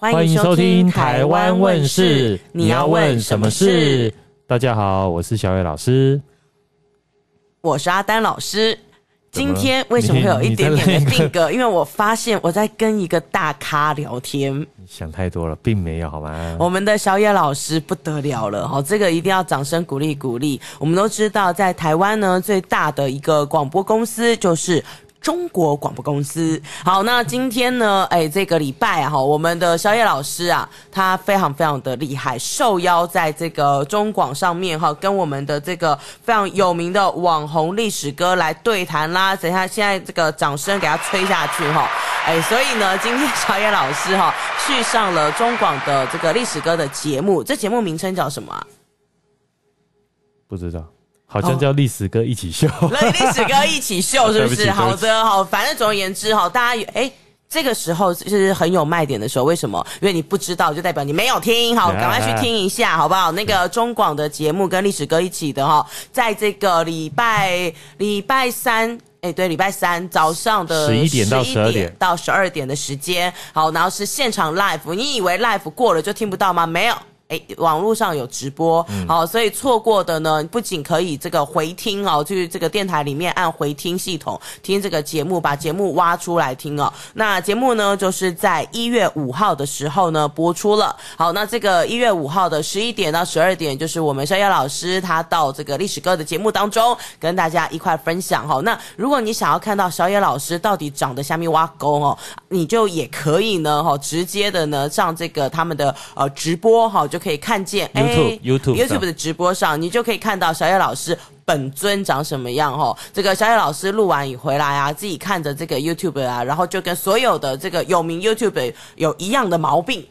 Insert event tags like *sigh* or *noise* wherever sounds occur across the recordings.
歡迎收聽《台灣問事》，你要問什麼事？大家好，我是小也老師，我是阿丹老師。今天為什麼會有一點點的定格？因為我發現我在跟一個大咖聊天，想太多了，並沒有好嗎？我們的小也老師不得了了，哈，這個一定要掌聲鼓勵鼓勵。我們都知道，在台灣呢，最大的一個廣播公司就是。中國廣播公司，好，那今天呢，哎，這個禮拜哈、啊，我們的小也老師啊，他非常非常的厲害，受邀在這個中廣上面哈，跟我們的這個非常有名的網紅歷史哥來對談啦。等一下，現在這個掌聲給他吹下去哈。哎，所以呢，今天小也老師哈、啊、去上了中廣的這個歷史哥的節目，這節目名稱叫什麼啊？不知道。好像叫歷史哥一起秀，歷、oh, *laughs* 史哥一起秀是不是？不不好的好，反正總而言之哈，大家哎、欸，這個時候是很有賣點的時候。為什麼？因為你不知道，就代表你沒有聽。好，趕 Yeah, 快去聽一下，yeah, 好不好？那個中廣的節目跟歷史哥一起的哈，yeah. 在這個禮拜禮拜三，哎、欸，對，禮拜三早上的十一點到十二點到十二點的時間，好，然後是現場 live。你以為 live 過了就聽不到嗎？沒有。哎，網絡上有直播，好、嗯哦，所以錯過的呢，不僅可以這個回聽哦，去這個電台裡面按回聽系統聽這個節目，把節目挖出來聽哦。那節目呢，就是在一月五號的時候呢播出了，好，那這個一月五號的十一點到十二點，就是我們小也老師他到這個歷史哥的節目當中跟大家一塊分享哈、哦。那如果你想要看到小也老師到底長得瞎米挖溝哦。你就也可以呢，哈、哦，直接的呢上這個他們的呃直播哈、哦，就可以看見，YouTube，YouTube 的直播上，哦、你就可以看到小也老師本尊長什麼樣哈、哦。這個小也老師錄完以回來啊，自己看着這個 YouTube 啊，然後就跟所有的這個有名 YouTube 有一樣的毛病，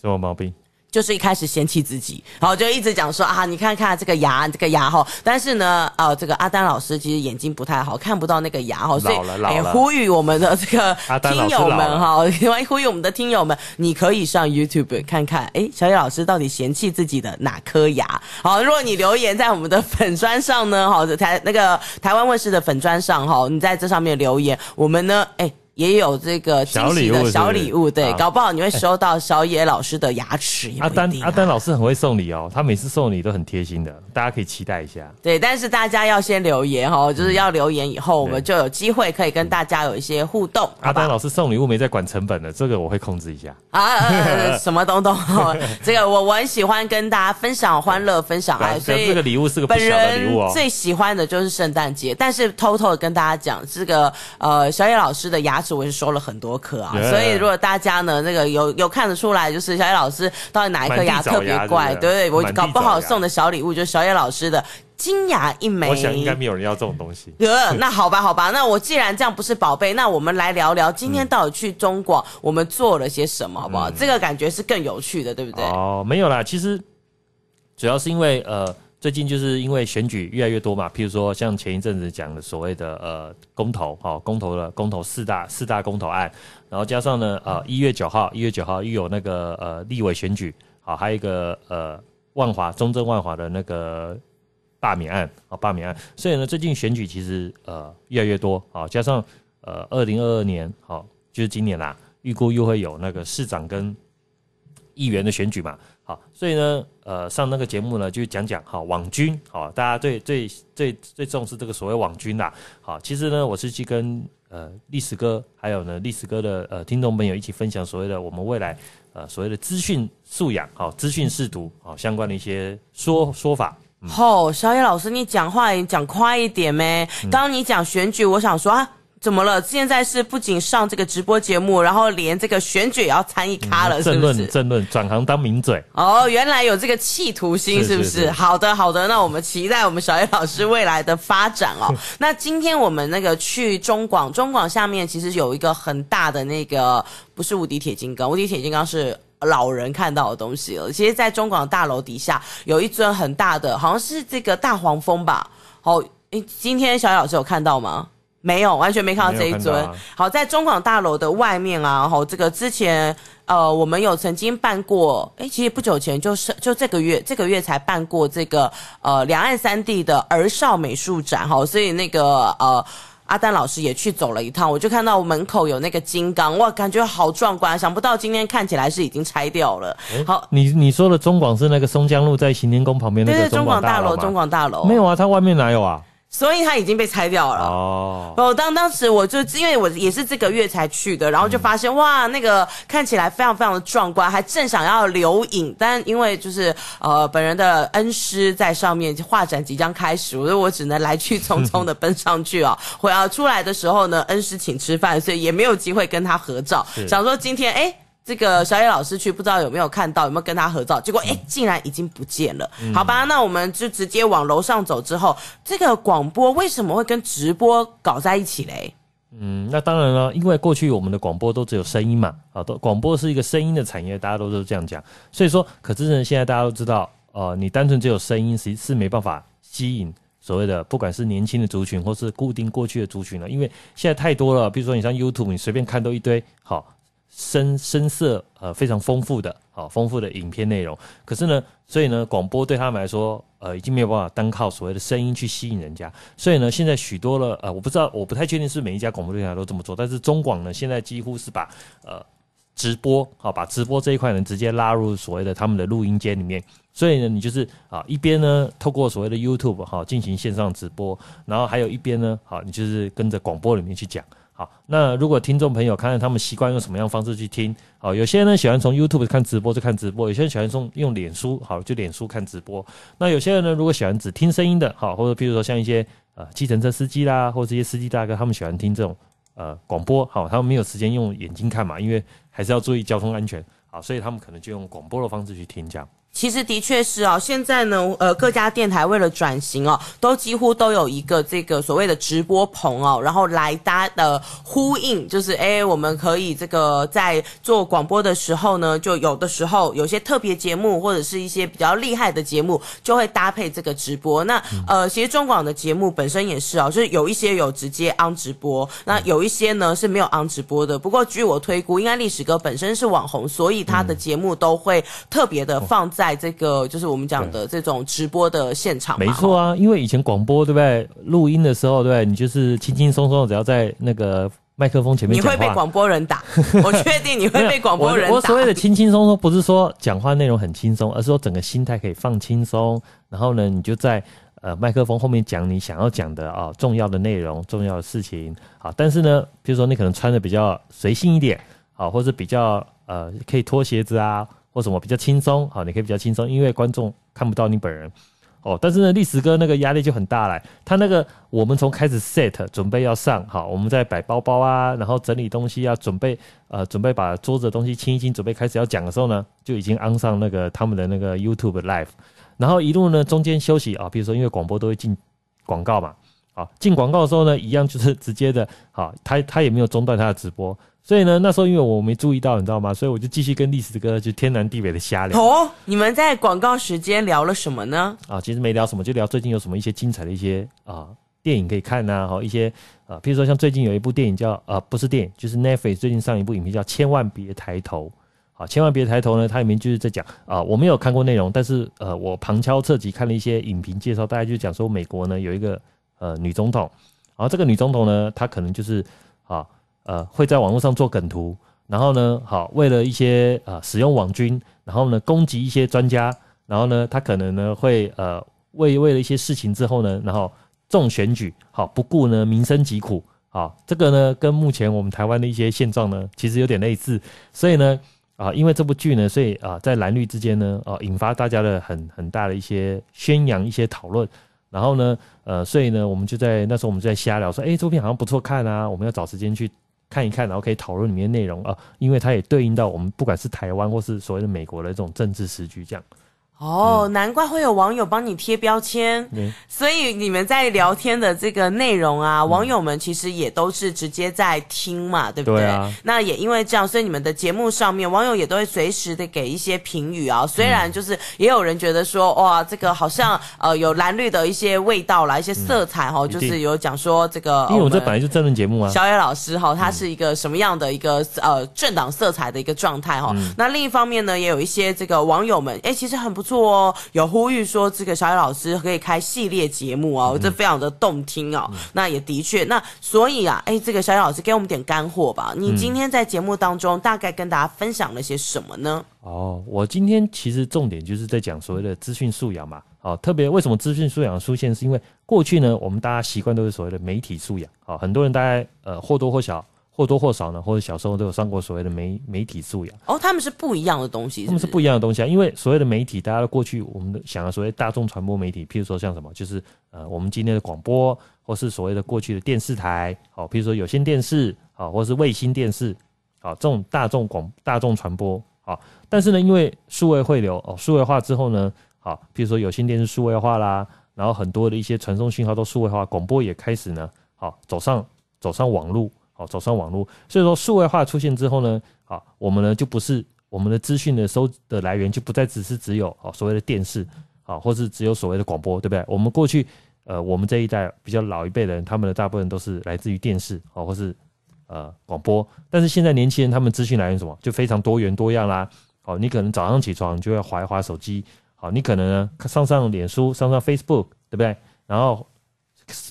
什麼毛病？就是一開始嫌棄自己，然後就一直講說啊，你看看這個牙，這個牙哈。但是呢，呃，這個阿丹老師其實眼睛不太好，看不到那個牙哈，所以誒呼籲我們的這個聽友們哈，歡迎呼籲我們的聽友們，你可以上 YouTube 看看，哎，小也老師到底嫌棄自己的哪顆牙？好，如果你留言在我們的粉磚上呢，的、哦，台那個台灣問事的粉磚上哈、哦，你在這上面留言，我們呢，哎。也有這個驚喜的小禮物，對，搞不好你會收到小也老師的牙齒。阿丹阿丹老師很會送禮哦，他每次送禮都很貼心的，大家可以期待一下。對，但是大家要先留言哦，就是要留言以後，我們就有機會可以跟大家有一些互動。阿丹老師送禮物沒在管成本的，這個我會控制一下。啊，什麼東東？這個我我很喜歡跟大家分享歡樂，分享愛，所以這個禮物是個本人最喜歡的就是聖誕節。但是偷偷的跟大家講，這個，呃，小也老師的牙齒。我是收了很多顆啊，所以如果大家呢，那個有有看得出來，就是小也老師到底哪一顆牙特別怪，對，我搞不好送的小禮物就是小也老師的金牙一枚。我想應該沒有人要這種東西。呃那好吧，好吧，那我既然這樣不是寶貝，那我們來聊聊今天到底去中廣我們做了些什麼，好不好？這個感覺是更有趣的，對不對？哦，沒有啦，其實主要是因為呃。最近就是因為選舉越來越多嘛，譬如說像前一陣子講的所謂的呃公投，好、哦、公投的公投四大四大公投案，然後加上呢呃一月九號一月九號又有那個呃立委選舉，好、哦、還有一個呃萬華中正萬華的那個罷免案啊罷免案，哦，所以呢最近選舉其實呃越來越多，好、哦、加上呃二零二二年好、哦、就是今年啦、啊，預估又會有那個市長跟議員的選舉嘛。好，所以呢，呃，上那個節目呢，就講講哈網軍，好、哦，大家最最最最重視這個所謂網軍啦、啊、好、哦，其實呢，我是去跟呃歷史哥，還有呢歷史哥的呃聽眾朋友一起分享所謂的我們未來呃所謂的資訊素養，好，資訊識讀，好、哦、相關的一些說說法。好、嗯哦，小也老師，你講話講快一點唄。嗯、當你講選舉，我想說啊。怎麼了？現在是不僅上這個直播節目，然後連這個選舉也要參一咖了，嗯、政論，是不是？政論，政論，轉行當名嘴。哦，oh, 原來有這個企圖心，是不是？好的，好的。那我們期待我們小也老師未來的發展哦。 *laughs* 那今天我們那個去中廣，中廣下面其實有一個很大的那個，不是無敵鐵金剛，無敵鐵金剛是老人看到的東西了。其實，在中廣大樓底下有一尊很大的，好像是這個大黃蜂吧。哦、oh,，今天小也老師有看到嗎？沒有，完全沒看到這一尊。啊、好，在中廣大樓的外面啊，好，這個之前呃，我們有曾經辦過，哎，其實不久前就是就這個月，這個月才辦過這個呃兩岸三地的兒少美術展，哈，所以那個呃阿丹老師也去走了一趟，我就看到門口有那個金剛，哇，感覺好壯觀，想不到今天看起來是已經拆掉了。誒好，你你說的中廣是那個松江路在行天宮旁邊那個中廣大樓，對，中廣大樓。沒有啊，它外面哪有啊？所以它已經被拆掉了，oh. 哦。我當當時我就因為我也是這個月才去的，然後就發現、嗯、哇，那個看起來非常非常的壯觀，還正想要留影，但因為就是呃本人的恩師在上面，畫展即將開始，所以我只能來去匆匆的奔上去哦、啊。我要 *laughs* 出來的時候呢，恩師請吃飯，所以也沒有機會跟他合照，是想說今天哎。誒這個小也老師，去不知道有沒有看到，有沒有跟他合照，結果哎、欸，竟然已經不見了。嗯、好吧，那我們就直接往樓上走。之後，這個廣播為什麼會跟直播搞在一起嘞？嗯，那當然了，因為過去我們的廣播都只有聲音嘛，好、啊，多廣播是一個聲音的產業，大家都是這樣講。所以說，可是呢，現在大家都知道，呃，你單純只有聲音是是沒辦法吸引所謂的不管是年輕的族群或是固定過去的族群了，因為現在太多了。比如說，你上 YouTube，你隨便看都一堆好。啊深深色，呃，非常豐富的，啊、哦，豐富的影片內容。可是呢，所以呢，廣播對他們來說，呃，已經沒有辦法單靠所謂的聲音去吸引人家。所以呢，現在許多了，呃，我不知道，我不太確定是每一家廣播電台都這麼做，但是中廣呢，現在幾乎是把呃直播，好、哦、把直播這一塊呢直接拉入所謂的他們的錄音間裡面。所以呢，你就是啊、哦、一邊呢透過所謂的 YouTube 哈、哦、進行線上直播，然後還有一邊呢，好、哦、你就是跟着廣播裡面去講。好，那如果聽眾朋友看看他們習慣用什麼樣的方式去聽？好，有些人呢喜歡從 YouTube 看直播，就看直播；有些人喜歡從用臉書，好，就臉書看直播。那有些人呢，如果喜歡只聽聲音的，好，或者譬如說像一些呃，計程車司機啦，或者這些司機大哥，他們喜歡聽這種呃廣播，好，他們沒有時間用眼睛看嘛，因為還是要注意交通安全，好，所以他們可能就用廣播的方式去聽這樣。其實的確是哦、啊，現在呢，呃，各家電台為了轉型哦、啊，都幾乎都有一個這個所謂的直播棚哦、啊，然後來搭的、呃、呼應，就是哎，我們可以這個在做廣播的時候呢，就有的時候有些特別節目或者是一些比較厲害的節目，就會搭配這個直播。那呃，其實中廣的節目本身也是哦、啊，就是有一些有直接 on 直播，那有一些呢是沒有 on 直播的。不過據我推估，應該歷史哥本身是網紅，所以他的節目都會特別的放在。在這個就是我們講的這種直播的現場，沒錯啊，因為以前廣播對不對？錄音的時候對不對？你就是輕輕鬆鬆，只要在那個麥克風前面，你會被廣播人打，我確定你會被廣播人打。 *laughs* 我，我所謂的輕輕鬆鬆，不是說講話內容很輕鬆，而是說整個心態可以放輕鬆。然後呢，你就在呃麥克風後面講你想要講的啊、哦、重要的內容、重要的事情啊。但是呢，比如說你可能穿的比較隨性一點啊、哦，或者比較呃可以脫鞋子啊。或什麼比較輕鬆，好，你可以比較輕鬆，因為觀眾看不到你本人，哦，但是呢，歷史哥那個壓力就很大了。他那個我們從開始 set 準備要上，哈，我們在擺包包啊，然後整理東西啊，準備呃，準備把桌子的東西清一清，準備開始要講的時候呢，就已經安上那個他們的那個 YouTube Live，然後一路呢中間休息啊，哦，比如說因為廣播都會進廣告嘛，啊，進廣告的時候呢，一樣就是直接的，好，他他也沒有中斷他的直播。所以呢，那時候因為我沒注意到，你知道嗎？所以我就繼續跟歷史哥就天南地北的瞎聊。哦，你們在廣告時間聊了什麼呢？啊，其實沒聊什麼，就聊最近有什麼一些精彩的一些啊電影可以看吶，哈，一些啊，譬如說像最近有一部電影叫啊，不是電影，就是 Netflix 最近上一部影片叫《千萬別抬頭》啊，千萬別抬頭呢，它裡面就是在講啊，我沒有看過內容，但是呃、啊，我旁敲側擊看了一些影評介紹，大家就講說美國呢有一個呃、啊、女總統，然、啊、後這個女總統呢，她可能就是啊。呃，會在網絡上做梗圖，然後呢，好為了一些啊、呃、使用網軍，然後呢攻擊一些專家，然後呢他可能呢會呃為為了一些事情之後呢，然後中選舉好不顧呢民生疾苦好，這個呢跟目前我們台灣的一些現狀呢其實有點類似，所以呢啊、呃、因為這部劇呢，所以啊、呃、在藍綠之間呢啊、呃、引發大家的很很大的一些宣揚一些討論，然後呢呃所以呢我們就在那時候我們就在瞎聊說，哎這部片好像不錯看啊，我們要找時間去。看一看，然後可以討論裡面內容啊，呃，因為它也對應到我們不管是台灣或是所謂的美國的這種政治時局這樣。哦，難怪會有網友幫你貼標籤，嗯、所以你們在聊天的這個內容啊，嗯、網友們其實也都是直接在聽嘛，嗯、對不對？對啊、那也因為這樣，所以你們的節目上面，網友也都會隨時的給一些評語啊。雖然就是也有人覺得說，嗯、哇，這個好像呃有藍綠的一些味道啦，一些色彩哈、嗯哦，就是有講說這個，定哦、因為我們這本來就政論節目啊。小也老師哈，他、哦、是一個什麼樣的一個呃政黨色彩的一個狀態哈？哦嗯、那另一方面呢，也有一些這個網友們，哎、欸，其實很不。錯、哦，有呼籲說這個小也老師可以開系列節目啊、哦，嗯、我這非常的動聽哦。嗯、那也的確，那所以啊，哎、欸，這個小也老師給我們點乾貨吧。你今天在節目當中大概跟大家分享了些什麼呢？嗯、哦，我今天其實重點就是在講所謂的資訊素養嘛。好、哦，特別為什麼資訊素養出現，是因為過去呢，我們大家習慣都是所謂的媒體素養。好、哦，很多人大概呃或多或少。或多或少呢，或者小時候都有上過所謂的媒媒體素養。哦，他們是不一樣的東西是不是？他們是不一樣的東西啊，因為所謂的媒體，大家都過去我們想要所謂大眾傳播媒體，譬如說像什麼，就是呃，我們今天的廣播，或是所謂的過去的電視台，好、哦，譬如說有線電視，好、哦，或是衛星電視，好、哦，這種大眾廣大眾傳播，好、哦，但是呢，因為數位匯流，哦，數位化之後呢，好、哦，譬如說有線電視數位化啦，然後很多的一些傳送信號都數位化，廣播也開始呢，好、哦，走上走上網路。好，走上網絡，所以說數位化出現之後呢，啊，我們呢就不是我們的資訊的收的來源就不再只是只有所謂的電視，啊或是只有所謂的廣播，對不對？我們過去，呃，我們這一代比較老一輩人，他們的大部分都是來自於電視，啊或是呃廣播，但是現在年輕人他們資訊來源什麼，就非常多元多樣啦。好，你可能早上起床就要滑一滑手機，好，你可能呢上上臉書，上上 Facebook，對不對？然後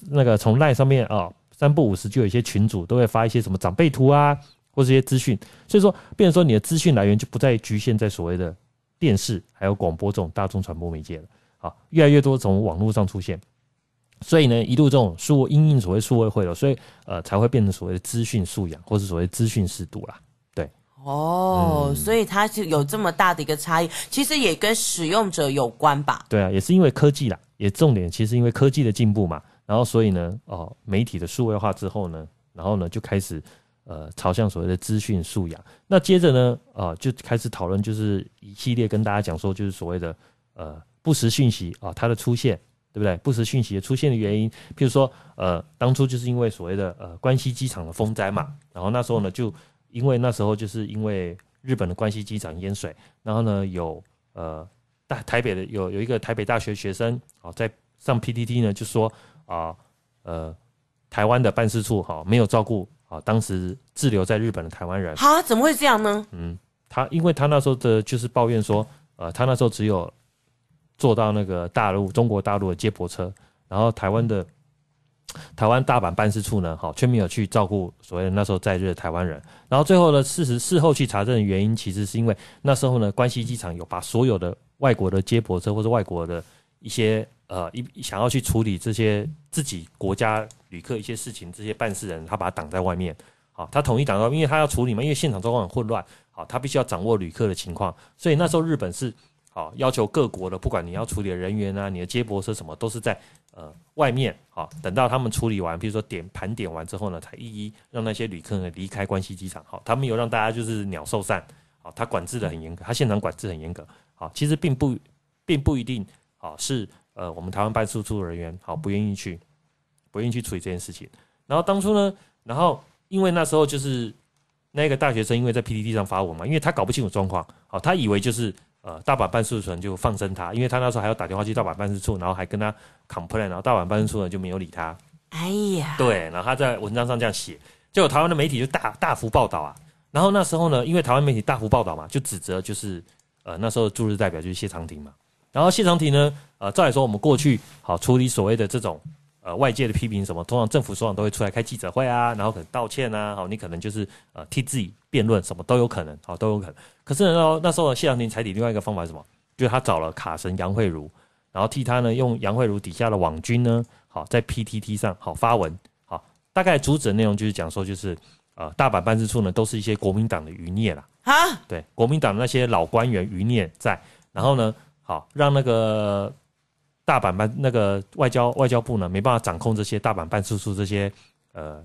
那個從 Line 上面啊。三不五時就有一些群主都會發一些什麼長輩圖啊，或是一些資訊，所以說，變成說你的資訊來源就不再局限在所謂的電視還有廣播這種大眾傳播媒介了，好，越來越多從網絡上出現，所以呢，一度這種數因應所謂數位會了，所以呃才會變成所謂的資訊素養或是所謂資訊識讀啦，對，哦，嗯，所以它是有這麼大的一個差異，其實也跟使用者有關吧？對啊，也是因為科技啦，也重點其實因為科技的進步嘛。然後，所以呢，哦，媒體的數位化之後呢，然後呢就開始，呃，朝向所謂的資訊素養。那接着呢，啊、呃，就開始討論，就是一系列跟大家講說，就是所謂的呃不實訊息啊、呃，它的出現，對不對？不實訊息的出現的原因，譬如說，呃，當初就是因為所謂的呃關西機場的風災嘛，然後那時候呢，就因為那時候就是因為日本的關西機場淹水，然後呢有呃大台北的有有一個台北大學的學生哦、呃，在上 PTT 呢就說。啊，呃，台灣的辦事處哈、啊、沒有照顧啊，當時滯留在日本的台灣人。啊，怎麼會這樣呢？嗯，他因為，他那時候的就是抱怨說，呃，他那時候只有坐到那個大陸中國大陸的接駁車，然後台灣的台灣大阪辦事處呢，好、啊、卻沒有去照顧所謂的那時候在日的台灣人。然後最後呢，事實事後去查證的原因，其實是因為那時候呢，關西機場有把所有的外國的接駁車或者外國的一些。呃，一想要去處理這些自己國家旅客一些事情，這些辦事人他把他擋在外面，好，他統一擋到，因為他要處理嘛，因為現場狀況很混亂，好，他必須要掌握旅客的情況，所以那時候日本是好要求各國的，不管你要處理的人員啊，你的接駁車什麼，都是在呃外面，好，等到他們處理完，比如說點盤點完之後呢，才一一讓那些旅客呢離開關西機場，好，他們有讓大家就是鳥獸散，好，他管制的很嚴格，他現場管制很嚴格，好，其實並不並不一定好是。呃，我們台灣辦事處的人員好不願意去，不願意去處理這件事情。然後當初呢，然後因為那時候就是那個大學生因為在 PTT 上發文嘛，因為他搞不清楚狀況，好、哦，他以為就是呃大阪辦事處人就放生他，因為他那時候還要打電話去大阪辦事處，然後還跟他 complain，然後大阪辦事處呢就沒有理他。哎呀，對，然後他在文章上這樣寫，結果台灣的媒體就大大幅報道啊。然後那時候呢，因為台灣媒體大幅報道嘛，就指責就是呃那時候的駐日代表就是謝長廷嘛。然後謝長廷呢？呃，照理說，我們過去好處理所謂的這種呃外界的批評什麼，通常政府首長都會出來開記者會啊，然後可能道歉啊，好、哦，你可能就是呃替自己辯論，什麼都有可能，好、哦，都有可能。可是呢，哦、那時候謝長廷採取另外一個方法是什麼？就是他找了卡神楊惠如，然後替他呢用楊惠如底下的網軍呢，好、哦、在 PTT 上好、哦、發文，好、哦，大概主旨內容就是講說，就是呃大阪辦事處呢都是一些國民黨的餘孽啦，哈、啊，對，國民黨的那些老官員餘孽在，然後呢？好，讓那個大阪辦那個外交、外交部呢，沒辦法掌控這些大阪辦事處這些呃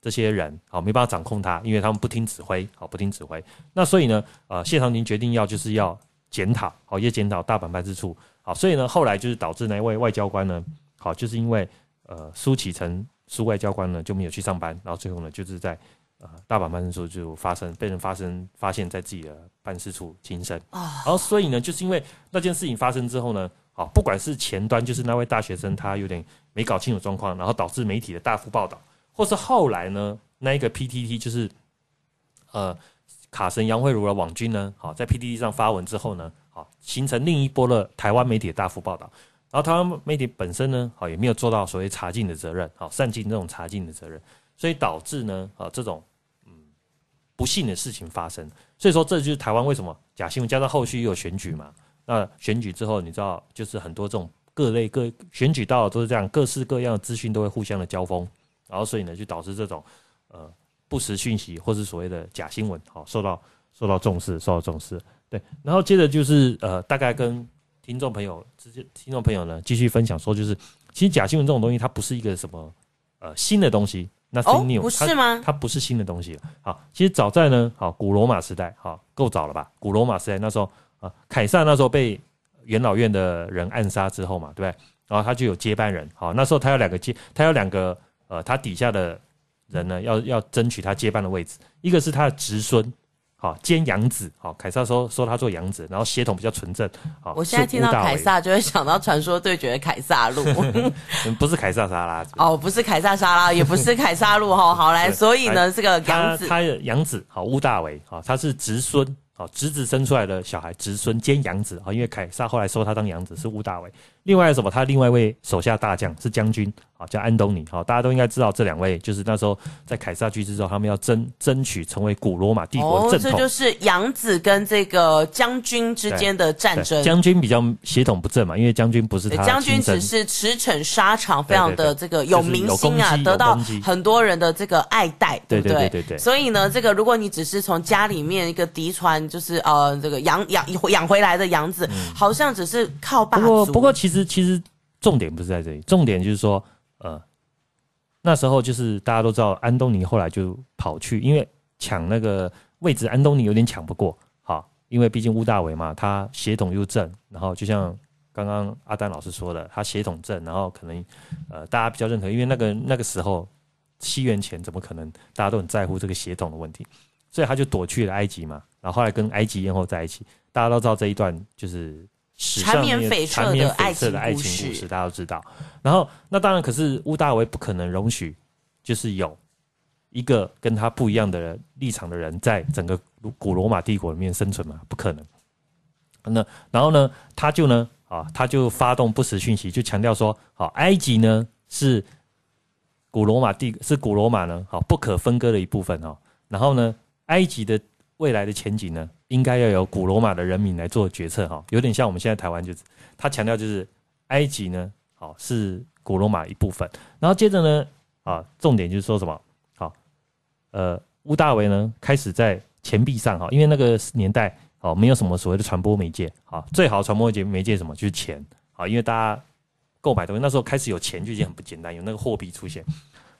這些人，好，沒辦法掌控他，因為他們不聽指揮，好，不聽指揮。那所以呢，呃謝長廷決定要就是要檢討，好，也檢討大阪辦事處，好，所以呢後來就是導致那一位外交官呢，好，就是因為呃蘇啟誠蘇外交官呢就沒有去上班，然後最後呢就是在。啊，大阪辦事處就發生被人發生發現在自己的辦事處輕生啊，oh. 然後所以呢，就是因為那件事情發生之後呢，啊，不管是前端就是那位大學生他有點沒搞清楚狀況，然後導致媒體的大幅報道，或是後來呢，那一個 PTT 就是呃卡神楊蕙如的網軍呢，好在 PTT 上發文之後呢，好形成另一波的台灣媒體的大幅報道，然後台灣媒體本身呢，好也沒有做到所謂查禁的責任，好善盡這種查禁的責任，所以導致呢，啊，這種。不幸的事情發生，所以說，這就是台灣為什麼假新聞，加上後續又有選舉嘛。那選舉之後，你知道，就是很多這種各類各選舉到都是這樣，各式各樣的資訊都會互相的交鋒，然後所以呢，就導致這種呃不實訊息，或是所謂的假新聞，好受到受到重視，受到重視。對，然後接着就是呃，大概跟聽眾朋友直接聽眾朋友呢繼續分享說，就是其實假新聞這種東西，它不是一個什麼呃新的東西。那是 Nothing new，哦，不是嗎？它不是新的東西了。好，其實早在呢，好古羅馬時代，好夠早了吧？古羅馬時代那時候啊，呃，凱撒那時候被元老院的人暗殺之後嘛，對不對？然後他就有接班人。好，那時候他有兩個接，他有兩個呃，他底下的人呢，要要爭取他接班的位置，一個是他的侄孫。好，兼養子。好，凱撒說說他做養子，然後血統比較純正。好，我現在聽到凱撒就會想到傳說對決的凱撒路， *laughs* 不是凱撒沙拉哦，不是凱撒沙拉，也不是凱撒路。哈， *laughs* 好，來所以呢，這來個養子，他的養子好，屋大維，好，他是侄孫，哦，侄子生出來的小孩，侄孫兼養子。好，因為凱撒後來收他當養子是屋大維。另外什麼？他另外一位手下大將是將軍。叫安東尼哈，大家都應該知道這兩位，就是那時候在凱撒去世之後，他們要爭爭取成為古羅馬帝國的正統。哦，這就是養子跟這個將軍之間的戰爭。將軍比較血統不正嘛，因為將軍不是將軍，只是馳騁沙場，非常的對對對，這個有民心啊，得到很多人的這個愛戴，對不對？對對對。所以呢，這個如果你只是從家裡面一個嫡傳，就是呃，這個養養養回來的養子，好像只是靠爸。不不過，不過其實其實重點不是在這裡，重點就是說。呃，那時候就是大家都知道，安東尼後來就跑去，因為搶那個位置，安東尼有點搶不過，好，因為畢竟屋大維嘛，他血統又正，然後就像剛剛阿丹老師說的，他血統正，然後可能呃大家比較認可，因為那個那個時候西元前，怎麼可能大家都很在乎這個血統的問題，所以他就躲去了埃及嘛，然後後來跟埃及艷後在一起，大家都知道這一段就是。纏綿悱惻的愛情故事，大家都知道。然後，那當然，可是屋大維不可能容許，就是有一個跟他不一樣的人立場的人在整個古羅馬帝國裡面生存嘛？不可能。那然後呢，他就呢，啊，他就發動不實訊息，就強調說，好，埃及呢是古羅馬帝，是古羅馬呢，好不可分割的一部分哦。然後呢，埃及的未來的前景呢？應該要由古羅馬的人民來做決策哈，有點像我們現在台灣就是，他強調就是埃及呢，好是古羅馬一部分，然後接着呢，啊重點就是說什麼，好，呃，屋大維呢開始在錢幣上哈，因為那個年代哦沒有什麼所謂的傳播媒介啊，最好傳播媒介什麼就是錢啊，因為大家購買東西那時候開始有錢就已經很不簡單，有那個貨幣出現，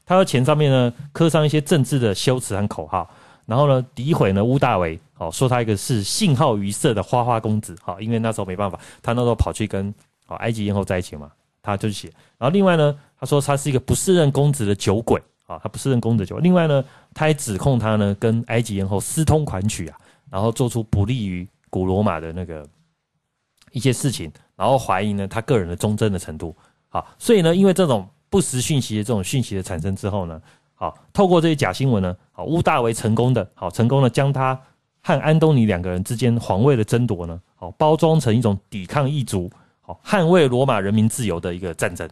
他在錢上面呢刻上一些政治的修辭和口號。然後呢，詆毀呢屋大維，哦，說他一個是性好漁色的花花公子、哦，因為那時候沒辦法，他那時候跑去跟、哦、埃及豔後在一起嘛，他就寫。然後另外呢，他說他是一個不適任公職的酒鬼，啊、哦，他不適任公職酒鬼。另外呢，他還指控他呢跟埃及豔後私通款曲啊，然後做出不利於古羅馬的那個一些事情，然後懷疑呢他個人的忠貞的程度，好、哦，所以呢，因為這種不實訊息的這種訊息的產生之後呢。好，透過這些假新聞呢，好，屋大維成功的，好成功的將他和安東尼兩個人之間皇位的爭奪呢，好，包裝成一種抵抗異族，好捍衛羅馬人民自由的一個戰爭。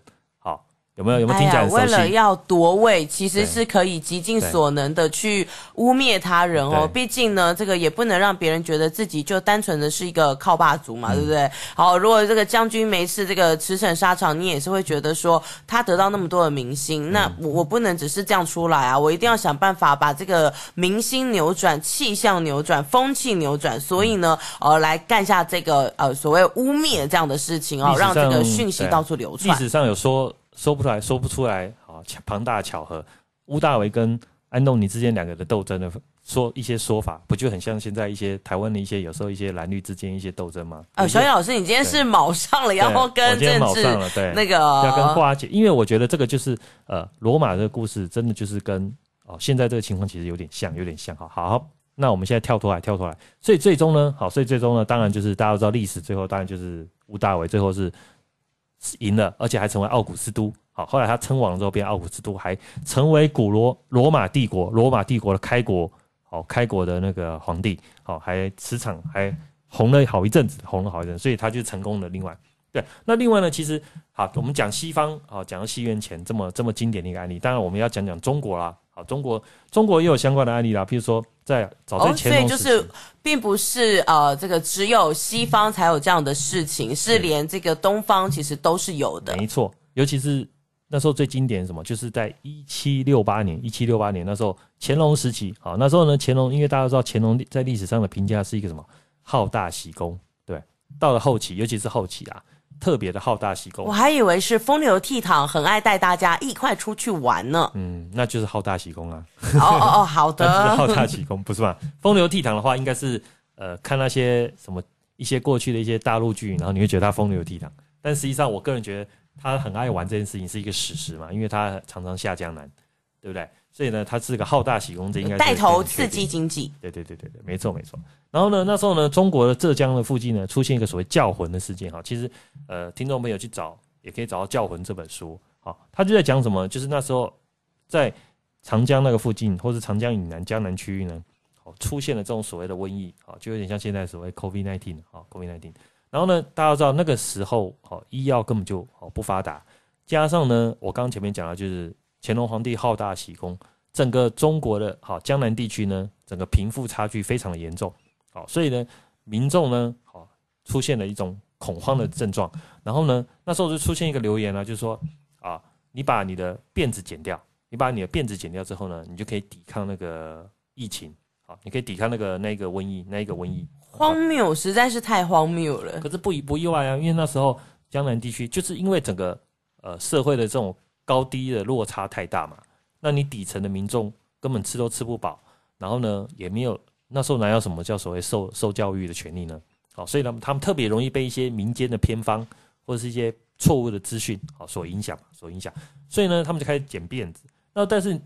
有沒有？有沒有聽，哎呀，為了要奪位，其實是可以極盡所能的去污衊他人哦。畢竟呢，這個也不能讓別人覺得自己就單純的是一個靠霸族嘛，嗯、對不對？好，如果這個將軍沒事，這個馳騁沙場，你也是會覺得說他得到那麼多的民心。嗯、那我我不能只是這樣出來啊，我一定要想辦法把這個民心扭轉、氣象扭轉、風氣扭轉，所以呢，嗯、呃，來幹下這個呃所謂污衊這樣的事情哦，讓這個訊息到處流傳。啊、歷史上有說。說不出來，說不出來，好、哦，龐大的巧合。屋大維跟安東尼之間兩個的鬥爭的說一些說法，不就很像現在一些台灣的一些有時候一些藍綠之間一些鬥爭嗎？哦、小也老師，些對你今天是卯上了，對然後跟政治我今天卯上了對，那個要跟花姐，因為我覺得這個就是呃，羅馬的故事真的就是跟哦，現在這個情況其實有點像，有點像。好好，那我們現在跳脫來，跳脫來。所以最終呢，好，所以最終呢，當然就是大家都知道歷史，最後當然就是屋大維最後是。贏了，而且還成為奧古斯都。好，後來他稱王之後變奧古斯都，還成為古羅羅馬帝國羅馬帝國的開國，好開國的那個皇帝，好還磁場還紅了好一陣子，紅了好一陣，所以他就成功了。另外，對，那另外呢，其實好，我們講西方，好講到西元前這麼這麼經典的一個案例，當然我們要講講中國啦，好中國中國也有相關的案例啦，譬如說。在哦，oh, 所以就是並不是呃，這個只有西方才有這樣的事情，是連這個東方其實都是有的。沒錯，尤其是那時候最經典是什麼，就是在一七六八年，一七六八年那時候乾隆時期好，那時候呢乾隆，因為大家都知道乾隆在歷史上的評價是一個什麼，好大喜功。對，到了後期，尤其是後期啊。特別的好大喜功，我還以為是風流倜儻，很愛帶大家一塊出去玩呢。嗯，那就是好大喜功啊。哦哦哦，好的，那就是好 *laughs* 大喜功不是吧？風流倜儻的話應，應該是呃，看那些什麼一些過去的一些大陸劇，然後你會覺得他風流倜儻。但實際上，我個人覺得他很愛玩這件事情是一個史實嘛，因為他常常下江南，對不對？所以呢，他是一個好大喜功，這應該是帶頭刺激經濟。對對對對對，沒錯沒錯。然後呢，那時候呢，中國的浙江的附近呢，出現一個所謂叫魂的事件哈。其實，呃，聽眾朋友去找也可以找到《叫魂》這本書。好、哦，他就在講什麼，就是那時候在長江那個附近，或是長江以南、江南區域呢，好、哦、出現了這種所謂的瘟疫，好、哦，就有點像現在所謂 COVID nineteen、哦、COVID nineteen，COVID nineteen。然後呢，大家知道那個時候，好、哦，醫藥根本就好不發達，加上呢，我剛前面講的就是。乾隆皇帝好大喜功，整個中國的好、哦、江南地區呢，整個貧富差距非常的嚴重，好、哦，所以呢，民眾呢，好、哦、出現了一種恐慌的症狀。然後呢，那時候就出現一個流言呢、啊，就是說啊，你把你的辮子剪掉，你把你的辮子剪掉之後呢，你就可以抵抗那個疫情，好、啊，你可以抵抗那個那個瘟疫，那個瘟疫，啊、荒謬，實在是太荒謬了。可是不以不意外啊，因為那時候江南地區就是因為整個呃社會的這種。高低的落差太大嘛，那你底層的民眾根本吃都吃不飽，然後呢也沒有，那時候哪有什麼叫所謂受受教育的權利呢？好，所以呢他們特別容易被一些民間的偏方或者是一些錯誤的資訊，好，所影響，所影響，所以呢他們就開始剪辮子。那但是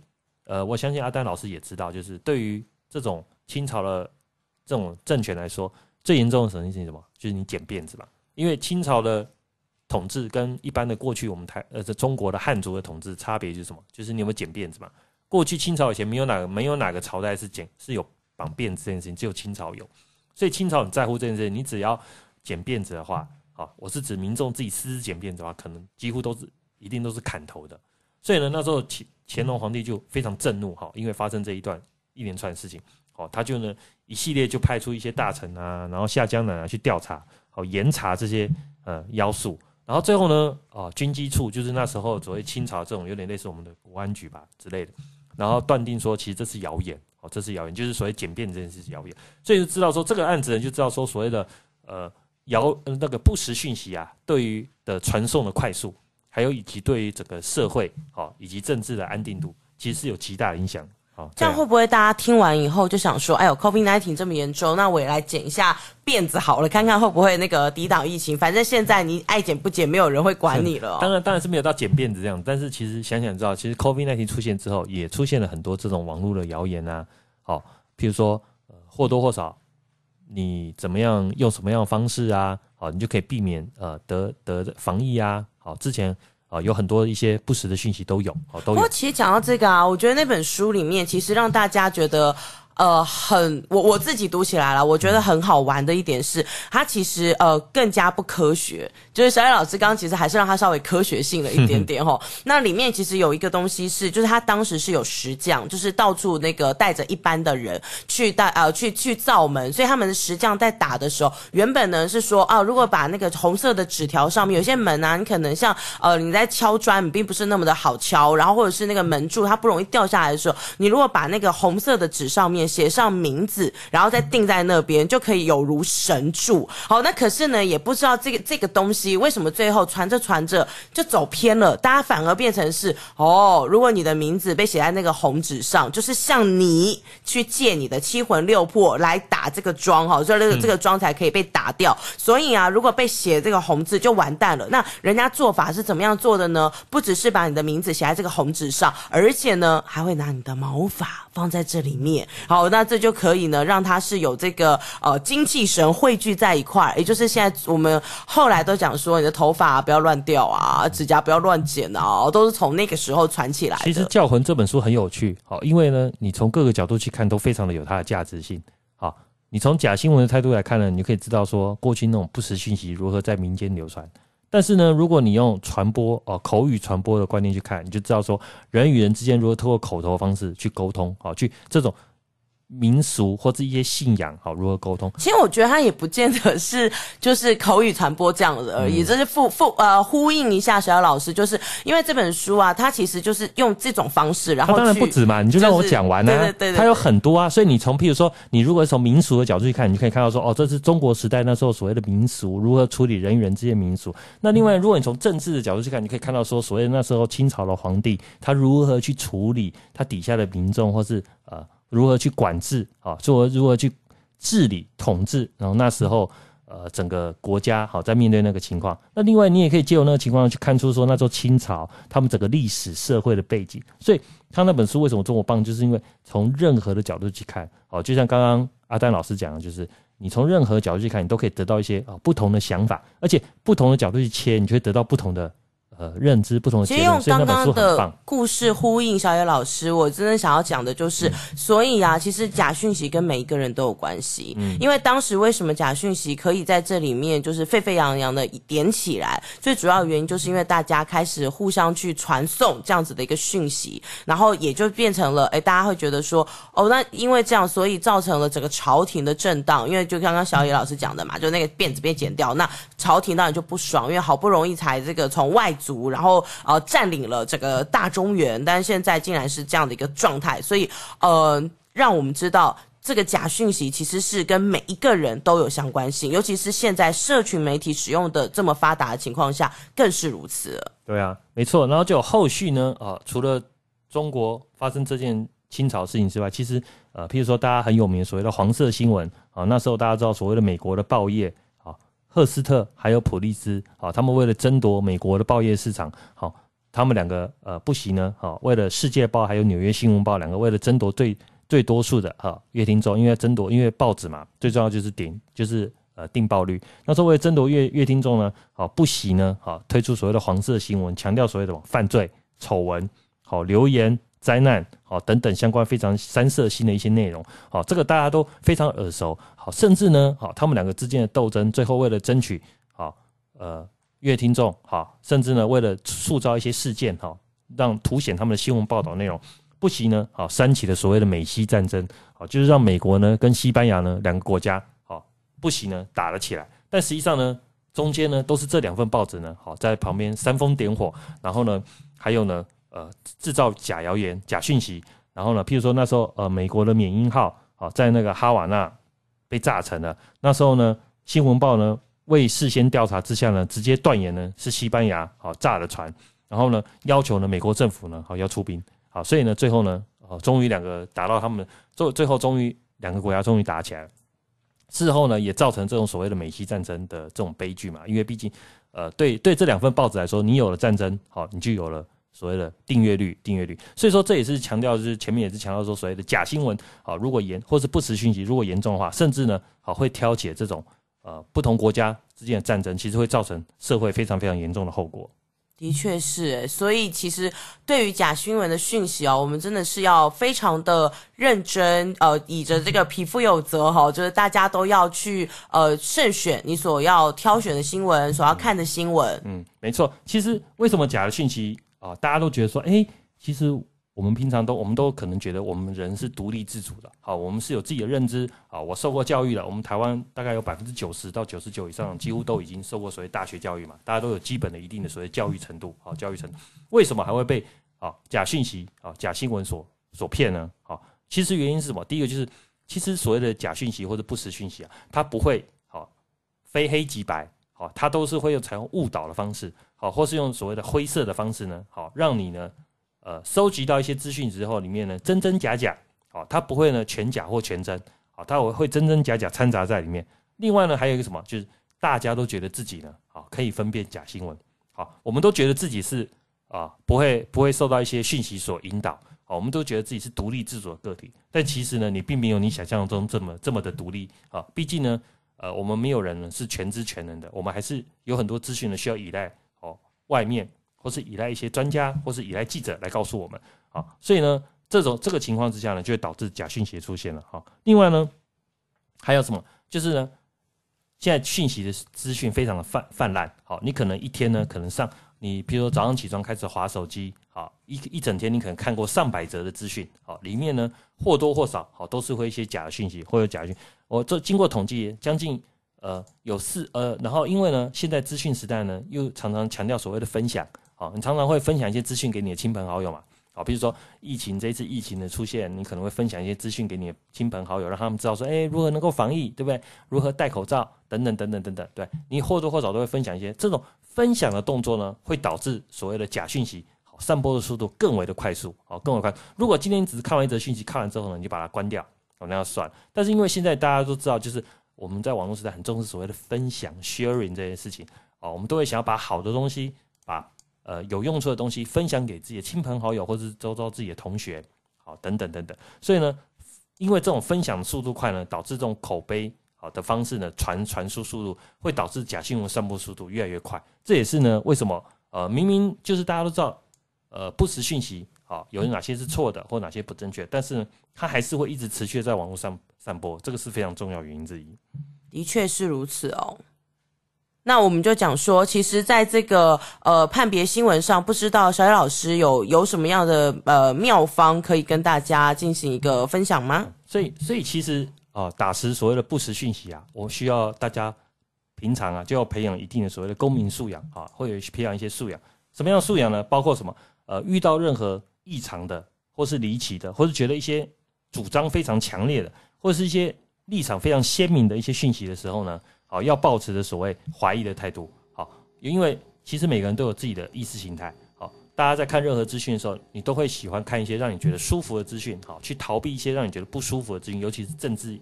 呃，我相信阿丹老師也知道，就是對於這種清朝的這種政權來說，最嚴重的是什麼事情？什麼？就是你剪辮子嘛，因為清朝的。統治跟一般的過去我們台呃這中國的漢族的統治差別就是什麼？就是你有沒有剪辮子嘛？過去清朝以前沒有哪個沒有哪個朝代是剪是有綁辮子這件事情，只有清朝有。所以清朝很在乎這件事情。你只要剪辮子的話，啊，我是指民眾自己私自剪辮子的話，可能幾乎都是一定都是砍頭的。所以呢，那時候乾乾隆皇帝就非常震怒哈、啊，因為發生這一段一連串的事情，好、啊，他就呢一系列就派出一些大臣啊，然後下江南、啊、去調查，好、啊，嚴查這些呃妖術。然後最後呢，啊、哦，軍機處就是那時候所謂清朝這種有點類似我們的國安局吧之類的，然後斷定說，其實這是謠言，哦，這是謠言，就是所謂簡便這件事是謠言，所以就知道說這個案子呢，就知道說所謂的呃謠呃那個不實訊息啊，對於的傳送的快速，還有以及對於整個社會啊、哦、以及政治的安定度，其實是有極大的影響。這樣會不會大家聽完以後就想說，哎呦，COVID-19 這麼嚴重，那我也來剪一下辮子好了，看看會不會那個抵擋疫情。反正現在你愛剪不剪，沒有人會管你了、哦。當然，當然是沒有到剪辮子這樣，但是其實想想知道，其實 COVID-19 出現之後，也出現了很多這種網絡的謠言啊。好、哦，譬如說、呃、或多或少，你怎麼樣用什麼樣的方式啊，好、哦，你就可以避免呃得得防疫啊。好、哦，之前。啊，有很多一些不實的訊息都有，啊，都有。不過其實講到這個啊，我覺得那本書裡面其實讓大家覺得。呃，很我我自己讀起來了，我覺得很好玩的一點是，它其實呃更加不科學，就是小也老師剛剛其實還是讓它稍微科學性了一點點哦，嗯、那裡面其實有一個東西是，就是它當時是有石匠，就是到處那個帶着一般的人去帶呃去去造門，所以他們的石匠在打的時候，原本呢是說啊、呃，如果把那個紅色的紙條上面有些門啊，你可能像呃你在敲磚，你並不是那麼的好敲，然後或者是那個門柱它不容易掉下來的時候，你如果把那個紅色的紙上面，寫上名字，然後再定在那邊，就可以有如神助。好，那可是呢，也不知道這個這個東西為什麼最後傳着傳着就走偏了，大家反而變成是哦，如果你的名字被寫在那個紅紙上，就是向你去借你的七魂六魄來打這個樁哈，所以這個、嗯、這個樁才可以被打掉。所以啊，如果被寫這個紅字就完蛋了。那人家做法是怎麼樣做的呢？不只是把你的名字寫在這個紅紙上，而且呢，還會拿你的毛髮放在這裡面。好好，那這就可以呢，讓他是有這個呃精氣神匯聚在一塊，也就是現在我們後來都講說，你的頭髮、啊、不要亂掉啊，指甲不要亂剪哦、啊，都是從那個時候傳起來的。其實《叫魂》這本書很有趣，好，因為呢，你從各個角度去看，都非常的有它的價值性。好，你從假新聞的態度來看呢，你就可以知道說，過去那種不實信息如何在民間流傳。但是呢，如果你用傳播口語傳播的觀念去看，你就知道說，人與人之間如何通過口頭的方式去溝通，好，去這種。民俗或是一些信仰，好，如何溝通？其實我覺得它也不見得是就是口語傳播這樣子而已，嗯、這是複複呃呼應一下小也老師，就是因為這本書啊，它其實就是用這種方式，然後、啊、當然不止嘛，你就讓我講完呢、啊就是。對對對，對，它有很多啊，所以你從譬如說，你如果從民俗的角度去看，你可以看到說，哦，這是中國時代那時候所謂的民俗如何處理人與人之間民俗。那另外，如果你從政治的角度去看，你可以看到說，所謂的那時候清朝的皇帝他如何去處理他底下的民眾，或是呃。如何去管制啊？說如何去治理、統治？然後那時候，呃，整個國家好在面對那個情況。那另外，你也可以借由那個情況去看出說，那座清朝他們整個歷史社會的背景。所以他那本書為什麼這麼棒？就是因為從任何的角度去看，哦，就像剛剛阿丹老師講的，就是你從任何角度去看，你都可以得到一些啊不同的想法，而且不同的角度去切，你就會得到不同的，呃，認知不同的，其實用剛剛的故事呼應小也老師，我真的想要講的就是，嗯、所以啊，其實假訊息跟每一個人都有關係。嗯，因為當時為什麼假訊息可以在這裡面就是沸沸揚揚的點起來，最主要的原因就是因為大家開始互相去傳送這樣子的一個訊息，然後也就變成了，哎，大家會覺得說，哦，那因為這樣，所以造成了整個朝廷的震盪。因為就剛剛小也老師講的嘛，就那個辮子被剪掉，那朝廷當然就不爽，因為好不容易才這個從外族。族，然後呃佔領了這個大中原，但是現在竟然是這樣的一個狀態，所以呃讓我們知道這個假訊息其實是跟每一個人都有相關性，尤其是現在社群媒體使用的這麼發達的情況下，更是如此。對啊，沒錯。然後就後續呢，啊、呃、除了中國發生這件清朝事情之外，其實呃譬如說大家很有名所謂的黃色新聞啊、呃，那時候大家知道所謂的美國的報業。赫斯特還有普利茲，好，他們為了爭奪美國的報業市場，好，他們兩個呃不惜呢，好，為了《世界報》還有《紐約新聞報》兩個為了爭奪最最多數的哈閱聽眾，因為爭奪，因為報紙嘛，最重要就是頂，就是呃訂報率。那作為了爭奪閱閱聽眾呢，好不惜呢，好推出所謂的黃色新聞，強調所謂的犯罪醜聞，好留言。災難好等等相關非常羶色腥的一些內容好，這個大家都非常耳熟好，甚至呢好他們兩個之間的鬥爭，最後為了爭取好呃閱聽眾好，甚至呢為了塑造一些事件哈，讓凸顯他們的新聞報道內容，不惜呢好煽起了所謂的美西戰爭好，就是讓美國呢跟西班牙呢兩個國家好不惜呢打了起來，但實際上呢中間呢都是這兩份報紙呢好在旁邊煽風點火，然後呢還有呢。呃，製造假謠言、假訊息，然後呢，譬如說那時候，呃，美國的緬因號啊、哦，在那個哈瓦那被炸沉了。那時候呢，新聞報呢，未事先調查之下呢，直接斷言呢是西班牙好、哦、炸了船，然後呢，要求呢美國政府呢好、哦、要出兵，好，所以呢，最後呢，啊、哦，終於兩個打到他們，最最後終於兩個國家終於打起來。事後呢，也造成這種所謂的美西戰爭的這種悲劇嘛，因為畢竟，呃，對對這兩份報紙來說，你有了戰爭，好、哦，你就有了。所謂的訂閱率，訂閱率，所以說這也是強調，就是前面也是強調說，所謂的假新聞，好、哦，如果嚴或是不實訊息，如果嚴重的話，甚至呢，好、哦、會挑起這種呃不同國家之間的戰爭，其實會造成社會非常非常嚴重的後果。的確是，所以其實對於假新聞的訊息啊、哦，我們真的是要非常的認真，呃，以着這個匹夫有責哈、哦，就是大家都要去呃慎選你所要挑選的新聞，所要看的新聞、嗯。嗯，沒錯，其實為什麼假的訊息？啊，大家都覺得說，哎、欸，其實我們平常都，我們都可能覺得我們人是獨立自主的，好、啊，我們是有自己的認知，啊，我受過教育了，我們台灣大概有百分之九十到九十九以上，幾乎都已經受過所謂大學教育嘛，大家都有基本的一定的所謂教育程度，好、啊，教育程度，為什麼還會被啊假訊息啊，假新聞所所騙呢？好、啊，其實原因是什麼？第一個就是，其實所謂的假訊息或者不實訊息啊，它不會啊非黑即白。好，它、哦、都是會用採用誤導的方式，好、哦，或是用所謂的灰色的方式呢，好、哦，讓你呢，呃，收集到一些資訊之後，裡面呢，真真假假，好、哦，它不會呢全假或全真，好、哦，它會會真真假假摻雜在裡面。另外呢，還有一個什麼，就是大家都覺得自己呢，好、哦，可以分辨假新聞，好、哦，我們都覺得自己是啊、哦，不會不會受到一些訊息所引導，好、哦，我們都覺得自己是獨立自主的個體，但其實呢，你並沒有你想象中這麼這麼的獨立，好、哦，畢竟呢。呃，我們沒有人呢是全知全能的，我們還是有很多資訊呢需要依賴哦，外面或是依賴一些專家，或是依賴記者來告訴我們啊、哦。所以呢，這種這個情況之下呢，就會導致假訊息出現了哈、哦。另外呢，還有什麼？就是呢，現在訊息的資訊非常的泛泛濫、哦，你可能一天呢，可能上你比如說早上起床開始滑手機、哦，一一整天你可能看過上百則的資訊，好、哦，裡面呢或多或少好、哦、都是會一些假訊息或者假訊。我這經過統計，將近呃有四呃，然後因為呢，現在資訊時代呢，又常常強調所謂的分享，啊、哦，你常常會分享一些資訊給你的親朋好友嘛，啊、哦，比如說，疫情這一次疫情的出現，你可能會分享一些資訊給你的親朋好友，讓他們知道說，哎，如何能夠防疫，對不對？如何戴口罩，等等等等等等，對你或多或少都會分享一些。這種分享的動作呢，會導致所謂的假訊息好，散播的速度更為的快速，好、哦，更為快。如果今天只是看完一則訊息，看完之後呢，你就把它關掉。哦，那要算，但是因為現在大家都知道，就是我們在網絡時代很重視所謂的分享、sharing 這些事情哦，我們都會想要把好的東西，把呃有用處的東西分享給自己的親朋好友，或者是周遭自己的同學，好、哦，等等等等。所以呢，因為這種分享速度快呢，導致這種口碑好、哦、的方式呢，傳傳輸速度會導致假新聞散播速度越來越快。這也是呢，為什麼呃明明就是大家都知道，呃不實訊息。好、哦，有哪些是錯的，或哪些不正確？但是呢，他還是會一直持續在網絡上散播，這個是非常重要的原因之一。的確是如此哦。那我們就講說，其實在這個呃判別新聞上，不知道小也老師有有什麼樣的呃妙方可以跟大家進行一個分享嗎？所以，所以其實啊、呃，打實所謂的不實訊息啊，我需要大家平常啊，就要培養一定的所謂的公民素養啊，或者培養一些素養。什麼樣的素養呢？包括什麼？呃，遇到任何異常的，或是離奇的，或是覺得一些主張非常強烈的，或者是一些立場非常鮮明的一些訊息的時候呢，好、啊，要抱持着所謂懷疑的態度。好、啊，因為其實每個人都有自己的意識形態。好、啊，大家在看任何資訊的時候，你都會喜歡看一些讓你覺得舒服的資訊，好、啊，去逃避一些讓你覺得不舒服的資訊，尤其是政治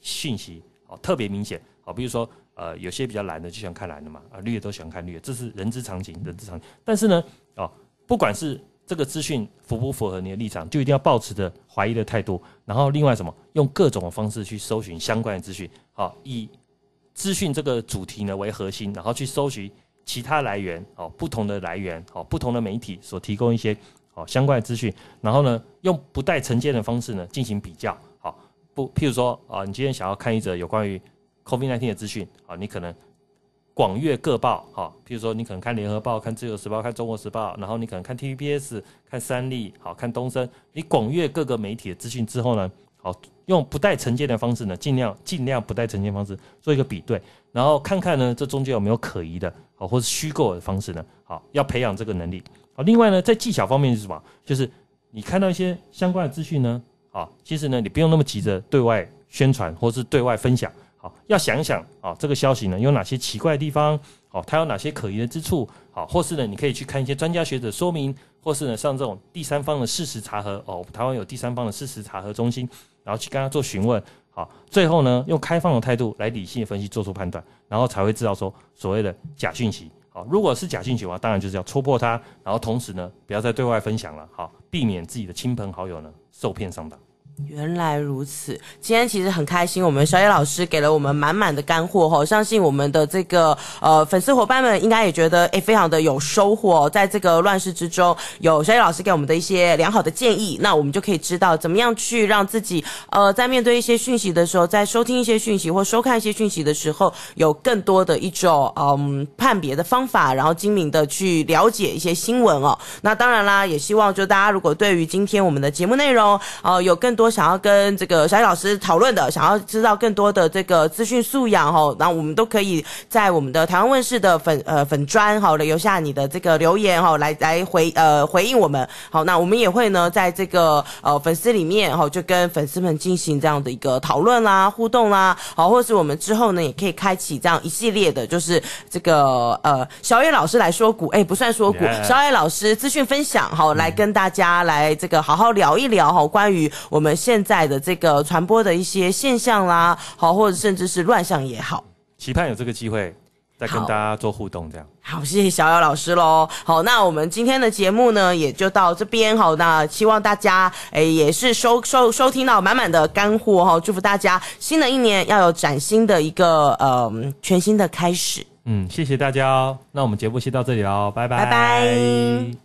訊息，好、啊，特別明顯。好、啊，比如說，呃，有些比較藍的就想看藍的嘛，啊，綠的都喜歡看綠的，這是人之常情，人之常情。但是呢，哦、啊，不管是這個資訊符不符合你的立場，就一定要抱持著懷疑的態度。然後，另外什麼，用各種方式去搜尋相關的資訊。好，以資訊這個主題呢為核心，然後去搜尋其他來源哦，不同的來源哦，不同的媒體所提供一些哦相關的資訊。然後呢，用不帶成見的方式呢進行比較。好，不，譬如說啊，你今天想要看一則有關於 COVID-19 的資訊啊，你可能。廣閱各報，好，譬如說你可能看聯合報、看自由時報、看中國時報，然後你可能看 TVBS、看三立、好，看東森，你廣閱各個媒體的資訊之後呢，好，用不帶成見的方式呢，儘量儘量不帶成見方式做一個比對，然後看看呢這中間有沒有可疑的，好，或者虛構的方式呢，好，要培養這個能力。好，另外呢在技巧方面是什麼？就是你看到一些相關的資訊呢，好，其實呢你不用那麼急着對外宣傳或是對外分享。好，要想想啊、哦，這個消息呢有哪些奇怪的地方？好、哦，它有哪些可疑的之處？好、哦，或是呢，你可以去看一些專家學者說明，或是呢，上這種第三方的事實查核。哦，台灣有第三方的事實查核中心，然後去跟他做詢問。好、哦，最後呢，用開放的態度來理性的分析，做出判斷，然後才會知道說所謂的假訊息。好、哦，如果是假訊息的話，當然就是要戳破它，然後同時呢，不要再對外分享了。好、哦，避免自己的親朋好友呢受騙上當。原來如此，今天其實很開心，我們小也老師給了我們滿滿的乾貨吼、哦、我相信我們的這個呃粉絲夥伴們應該也覺得哎非常的有收穫、哦。在這個亂世之中，有小也老師給我們的一些良好的建議，那我們就可以知道怎麼樣去讓自己呃在面對一些訊息的時候，在收聽一些訊息或收看一些訊息的時候，有更多的一種嗯判別的方法，然後精明的去了解一些新聞哦。那當然啦，也希望就大家如果對於今天我們的節目內容呃有更多。說想要跟這個小也老師討論的，想要知道更多的這個資訊素養哈，然後我們都可以在我們的台灣問事的粉呃粉專好了、哦、留下你的這個留言哈、哦，來來回呃回應我們好，那我們也會呢在這個呃粉絲裡面哈、哦，就跟粉絲們進行這樣的一個討論啦互動啦，好，或是我們之後呢也可以開啟這樣一系列的，就是這個呃小也老師來說古哎不算說古，Yeah. 小也老師資訊分享好、mm hmm. 來跟大家來這個好好聊一聊哈，關於我們。現在的這個傳播的一些現象啦，好，或者甚至是亂象也好，期盼有這個機會再跟大家做互動，這樣好，好，謝謝小也老師嘍，好，那我們今天的節目呢也就到這邊好，那希望大家哎、欸、也是收收收聽到滿滿的乾貨哈、哦，祝福大家新的一年要有嶄新的一個呃全新的開始，嗯，謝謝大家、哦，那我們節目先到這裡嘍，拜拜。拜拜。